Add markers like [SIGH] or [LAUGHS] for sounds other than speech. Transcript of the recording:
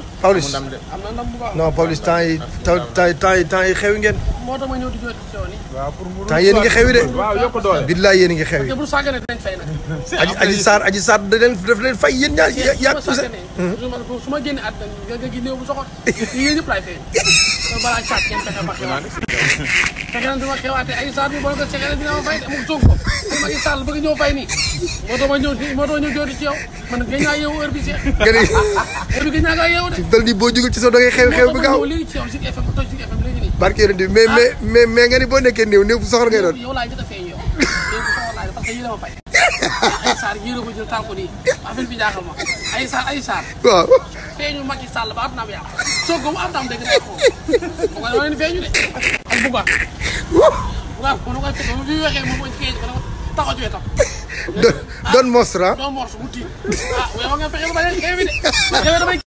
Pawlish am na ndam bu baax non Pawlish temps a billaay yéen a ngi xewi. te bu sàggane dinañ fay nag. Adji [LAUGHS] Sarr Adji Sarr da leen daf leen fay [LAUGHS] balaa caag ngeen fexe ba xewaatee. fexe na dama xewaatee ay saar bi boo ko seqee ma fay amul suuf ko ma ay saar bëgg ñëw fay nii moo tax ma ñëw ci ci yow man gëj naa yeewu heure bi si. gën a heure bi gën naa boo jugul ci sa dogay xew xew bi gaaw barke yéen di mais mais mais mais nga ni boo nekkee néew néew bu soxor ngay a ay saar yéeru ko jël taal ko nii affaire bi jaaxal ma ay saar ay saar. waaw. feeñu Macky Sall ba am naam a soo ko am naam dëgg naa ko moom mooy leen feeñu de ak bu baax. waaw kon nag fi waxee don don mostra. bu tiit ah waaye nga fexe ba yéen xeebi de man xeebi